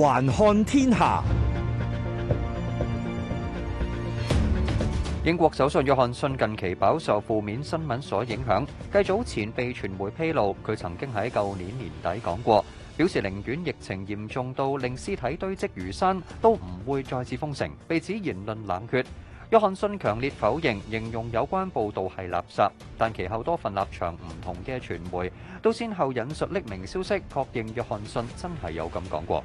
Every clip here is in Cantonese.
環看天下。英國首相約翰遜近期飽受負面新聞所影響，繼早前被傳媒披露，佢曾經喺舊年年底講過，表示寧願疫情嚴重到令屍體堆積如山，都唔會再次封城。被指言論冷血，約翰遜強烈否認，形容有關報道係垃圾。但其後多份立場唔同嘅傳媒都先後引述匿名消息，確認約翰遜真係有咁講過。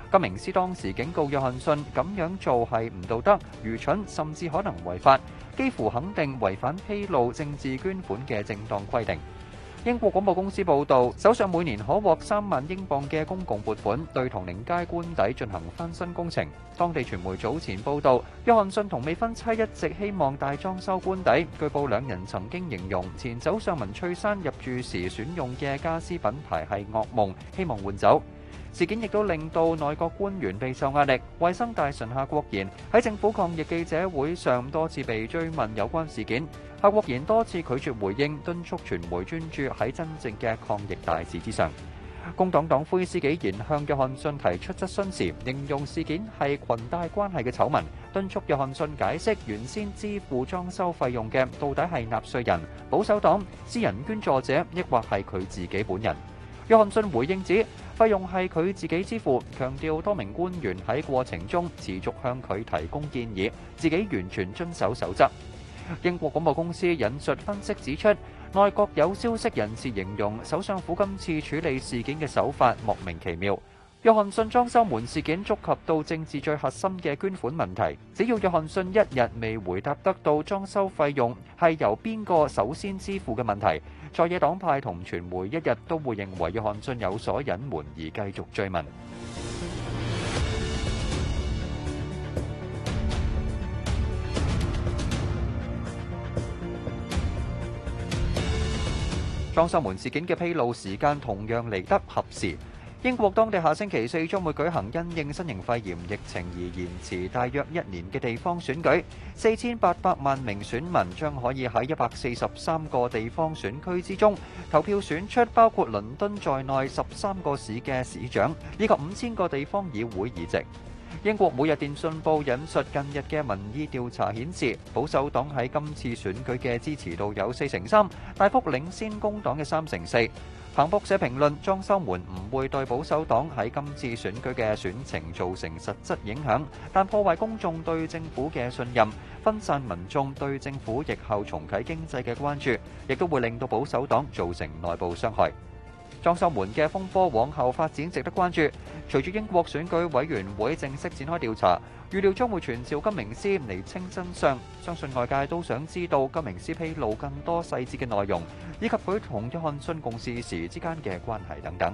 金明斯當時警告約翰遜咁樣做係唔道德、愚蠢，甚至可能違法，幾乎肯定違反披露政治捐款嘅正當規定。英國廣播公司報導，首相每年可獲三萬英鎊嘅公共撥款，對唐寧街官邸進行翻新工程。當地傳媒早前報導，約翰遜同未婚妻一直希望大裝修官邸，據報兩人曾經形容前首相文翠珊入住時選用嘅家私品牌係噩夢，希望換走。事件亦都令到內閣官員備受壓力。衛生大臣夏國賢喺政府抗疫記者會上多次被追問有關事件，夏國賢多次拒絕回應，敦促傳媒專注喺真正嘅抗疫大事之上。工黨黨魁施紀賢向約翰遜提出質詢時，形容事件係裙帶關係嘅醜聞，敦促約翰遜解釋原先支付裝修費用嘅到底係納稅人、保守黨、私人捐助者，抑或係佢自己本人。約翰遜回應指，費用係佢自己支付，強調多名官員喺過程中持續向佢提供建議，自己完全遵守守則。英國廣播公司引述分析指出，內閣有消息人士形容首相府今次處理事件嘅手法莫名其妙。約翰遜裝修門事件觸及到政治最核心嘅捐款問題，只要約翰遜一日未回答得到裝修費用係由邊個首先支付嘅問題，在野黨派同傳媒一日都會認為約翰遜有所隱瞞而繼續追問。裝 修門事件嘅披露時間同樣嚟得合時。英國當地下星期四將會舉行因應新型肺炎疫情而延遲大約一年嘅地方選舉，四千八百萬名選民將可以喺一百四十三個地方選區之中投票選出包括倫敦在內十三個市嘅市長，以及五千個地方議會議席。英國每日電訊報引述近日嘅民意調查顯示，保守黨喺今次選舉嘅支持度有四成三，大幅領先工黨嘅三成四。彭博社評論：裝修門唔會對保守黨喺今次選舉嘅選情造成實質影響，但破壞公眾對政府嘅信任，分散民眾對政府疫後重啟經濟嘅關注，亦都會令到保守黨造成內部傷害。裝修門嘅風波往後發展值得關注，隨住英國選舉委員會正式展開調查，預料將會傳召金明斯釐清真相。相信外界都想知道金明斯披露更多細節嘅內容，以及佢同約翰遜共事時之間嘅關係等等。